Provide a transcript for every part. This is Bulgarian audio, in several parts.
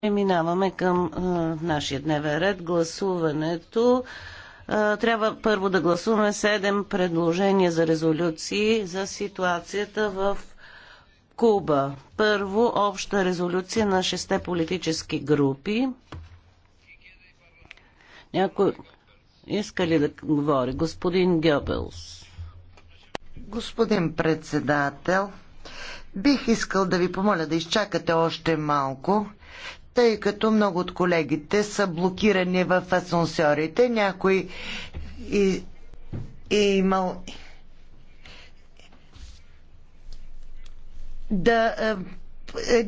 Преминаваме към а, нашия дневен ред. Гласуването. А, трябва първо да гласуваме седем предложения за резолюции за ситуацията в Куба. Първо обща резолюция на шесте политически групи. Някой иска ли да говори? Господин Гебелс. Господин председател, бих искал да ви помоля да изчакате още малко, тъй като много от колегите са блокирани в асансьорите. Някой и, и имал да е, е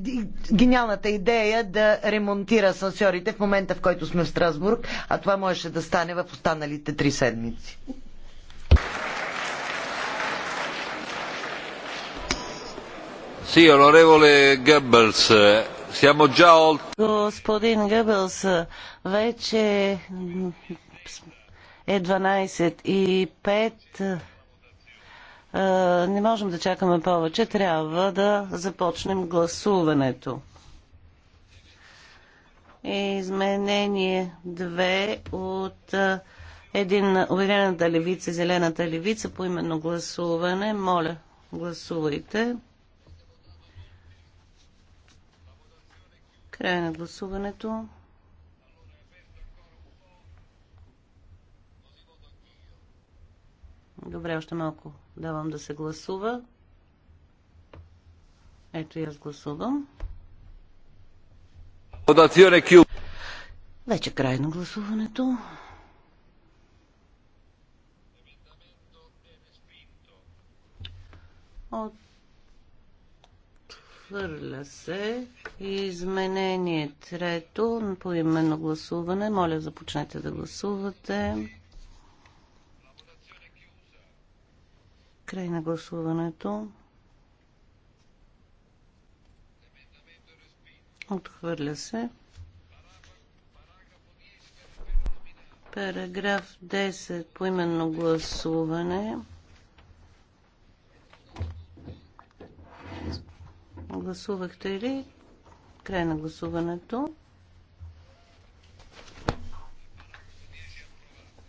гениалната идея да ремонтира асансьорите в момента, в който сме в Страсбург, а това можеше да стане в останалите три седмици. Sì, onorevole Goebbels, Siamo già oltre. Господин Гъбелс, вече е 12 и 5. Е, не можем да чакаме повече. Трябва да започнем гласуването. Изменение 2 от е, един Обединената левица, Зелената левица по именно гласуване. Моля, гласувайте. Край на гласуването. Добре, още малко давам да се гласува. Ето и аз гласувам. Вече край на гласуването. От Отхвърля се. Изменение трето по именно гласуване. Моля, започнете да гласувате. Край на гласуването. Отхвърля се. Параграф 10 по именно гласуване. Гласувахте ли? Край на гласуването.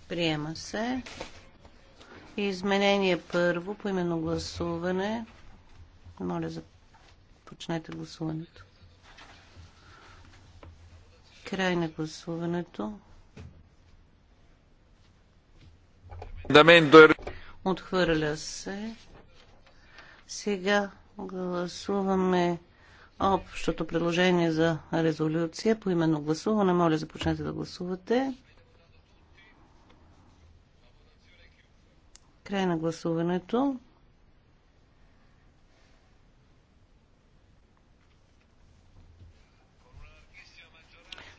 Приема се. Изменение първо по именно гласуване. Моля, започнете гласуването. Край на гласуването. Отхвърля се. Сега Гласуваме общото предложение за резолюция по именно гласуване. Моля, започнете да гласувате. Край на гласуването.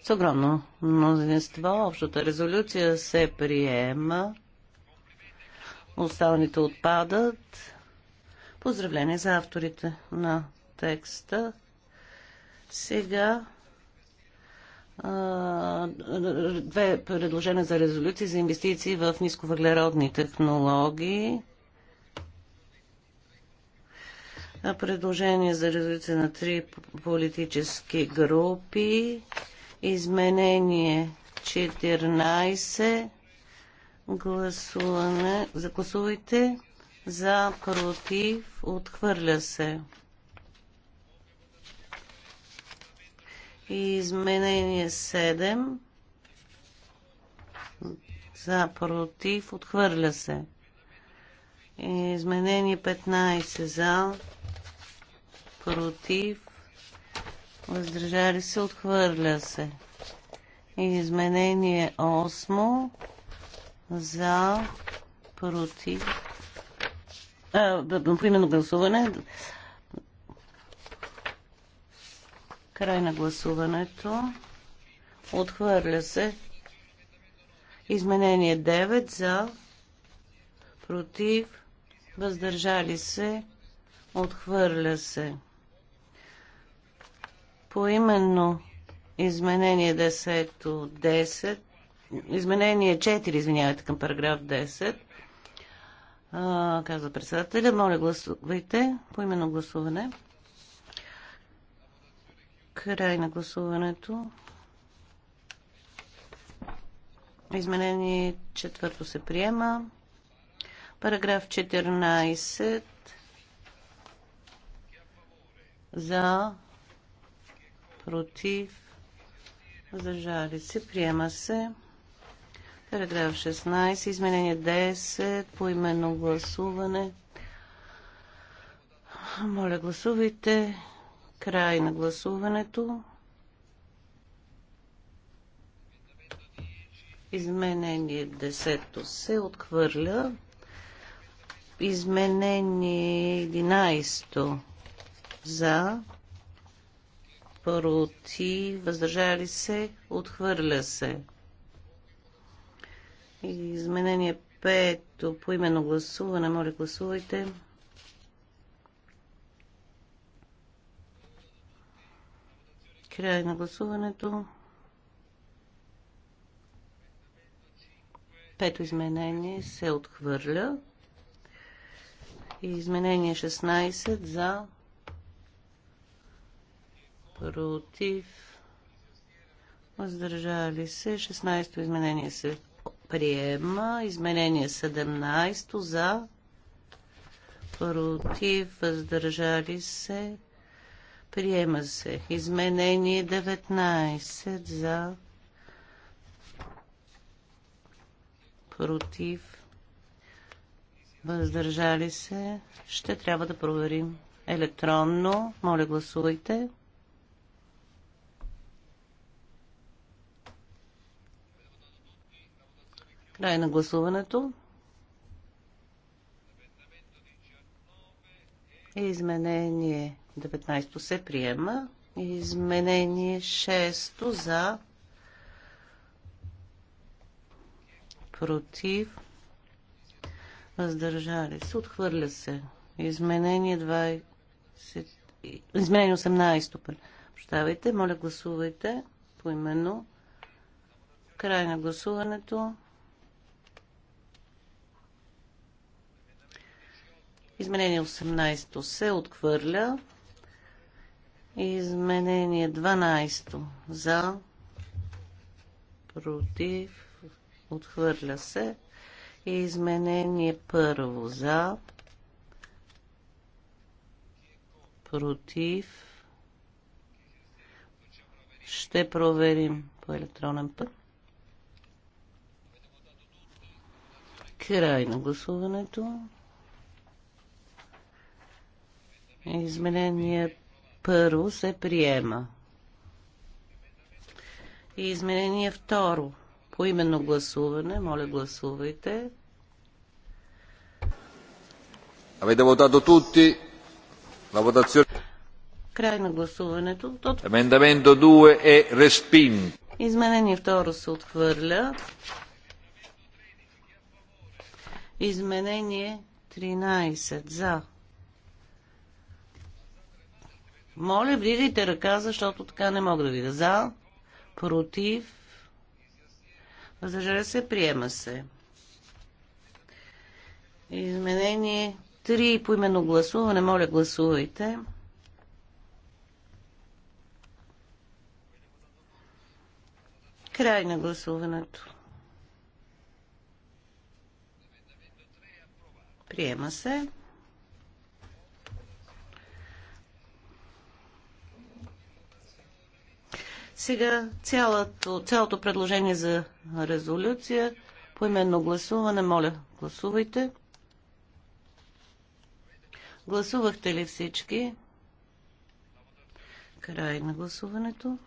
С огромно мнозинство общата резолюция се приема. Останалите отпадат. Поздравление за авторите на текста. Сега две предложения за резолюции за инвестиции в нисковъглеродни технологии. Предложение за резолюция на три политически групи. Изменение 14. Гласуване. Загласувайте за, против, отхвърля се. И изменение 7 за, против, отхвърля се. И изменение 15 за, против, въздържали се, отхвърля се. И изменение 8 за, против, поименно гласуване. Край на гласуването. Отхвърля се. Изменение 9 за. Против. Въздържали се. Отхвърля се. Поименно изменение 10, 10 изменение 4, извинявайте, към параграф 10 а, казва председателя. Моля, гласувайте по именно гласуване. Край на гласуването. Изменение четвърто се приема. Параграф 14 за против въздържали се. Приема се. Параграф 16, изменение 10, по именно гласуване. Моля, гласувайте. Край на гласуването. Изменение 10 се отхвърля. Изменение 11 за против, въздържали се, отхвърля се. Изменение 5 по именно гласуване. Моля, гласувайте. Край на гласуването. Пето изменение се отхвърля. Изменение 16 за против въздържали се. 16-то изменение се приема. Изменение 17 за, против, въздържали се, приема се. Изменение 19 за, против, въздържали се. Ще трябва да проверим електронно. Моля, гласувайте. Край на гласуването. Изменение 19 се приема. Изменение 6 за против въздържали се. Отхвърля се. Изменение 20... Изменение 18. Прощавайте. Моля гласувайте поименно. Край на гласуването. Изменение 18 се отхвърля. Изменение 12 за, против, отхвърля се. Изменение първо за, против. Ще проверим по електронен път. Край на гласуването. Изменение първо се приема. И изменение второ. По именно гласуване. Моля, гласувайте. Avete votato tutti? La votazione... Край на гласуването. Емендаменто 2 е респин. Изменение второ се отхвърля. Изменение 13 за. Моля, вдигайте ръка, защото така не мога да видя. За, против, въздържали се, приема се. Изменение 3 по именно гласуване. Моля, гласувайте. Край на гласуването. Приема се. Сега цялото, цялото предложение за резолюция по именно гласуване. Моля, гласувайте. Гласувахте ли всички? Край на гласуването.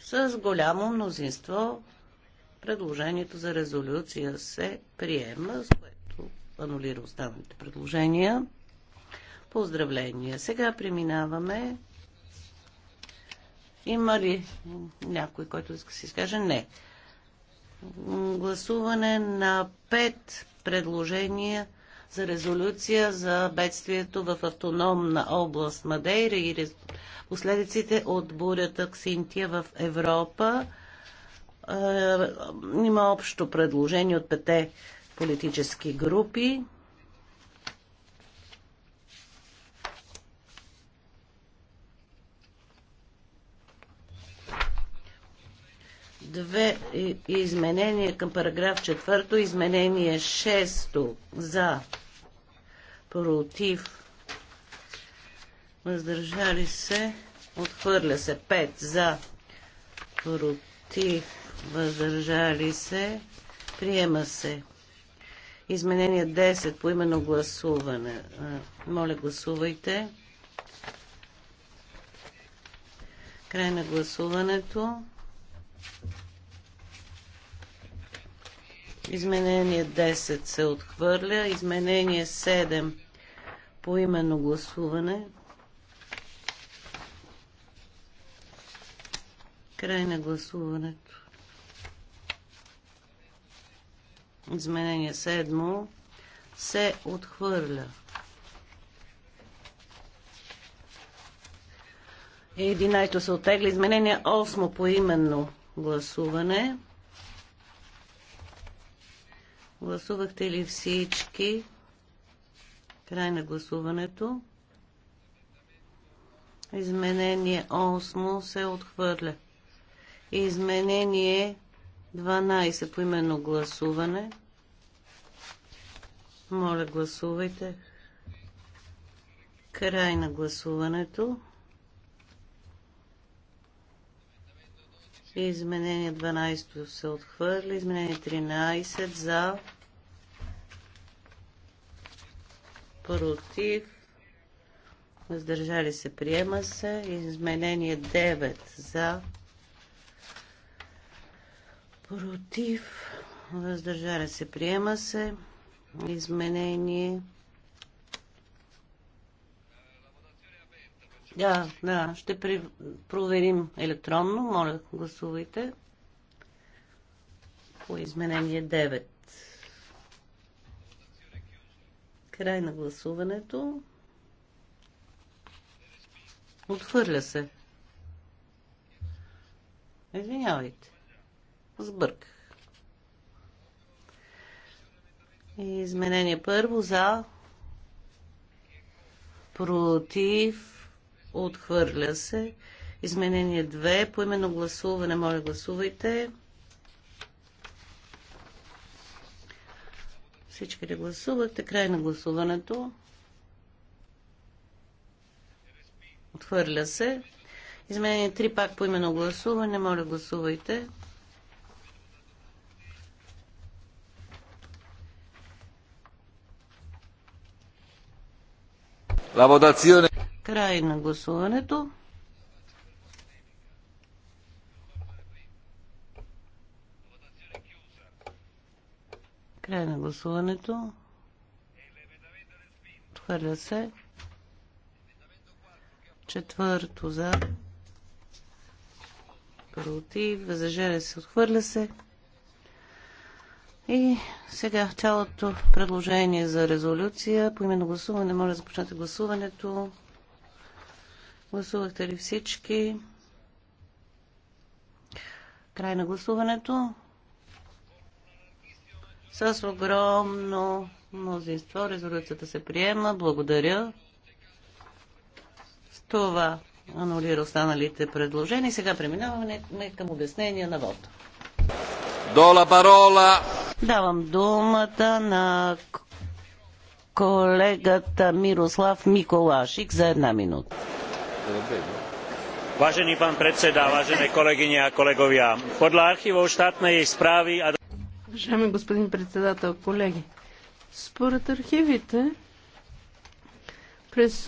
С голямо мнозинство предложението за резолюция се приема, с което анулира останалите предложения. Поздравления. Сега преминаваме. Има ли някой, който иска да си изкаже? Не. Гласуване на пет предложения за резолюция за бедствието в автономна област Мадейра и последиците от бурята Ксинтия в Европа. Е, има общо предложение от пете политически групи. Две изменения към параграф 4, изменение 6 за, против, въздържали се, отхвърля се 5 за, против, въздържали се, приема се. Изменение 10 по именно гласуване. Моля, гласувайте. Край на гласуването. Изменение 10 се отхвърля. Изменение 7 по именно гласуване. Край на гласуването. Изменение 7 се отхвърля. 11 се отегли. Изменение 8 по именно гласуване. Гласувахте ли всички? Край на гласуването. Изменение 8 се отхвърля. Изменение 12 по именно гласуване. Моля, гласувайте. Край на гласуването. Изменение 12 се отхвърли. Изменение 13 за. Против. Въздържали се. Приема се. Изменение 9 за. Против. Въздържали се. Приема се. Изменение 10. Да, да, ще при... проверим електронно. Моля, гласувайте по изменение 9. Край на гласуването. Отхвърля се. Извинявайте. Сбърках. Изменение първо за против Отхвърля се. Изменение 2. По именно гласуване. Моля, гласувайте. Всички ли гласувате? Край на гласуването. Отхвърля се. Изменение 3 пак по именно гласуване. Моля, гласувайте. La votazione Край на гласуването. Край на гласуването. Отхвърля се. Четвърто за. Против. Възражение се. Отхвърля се. И сега цялото предложение за резолюция. По именно гласуване, моля започнете гласуването. Гласувахте ли всички? Край на гласуването. С огромно мнозинство резолюцията се приема. Благодаря. С това анулира останалите предложения. Сега преминаваме към обяснения на вода. Дола парола. Давам думата на колегата Мирослав Миколашик за една минута. Vážený pán predseda, vážené kolegyne a kolegovia, podľa archívov štátnej správy a... Уважаеми господин председател, колеги, според архивите през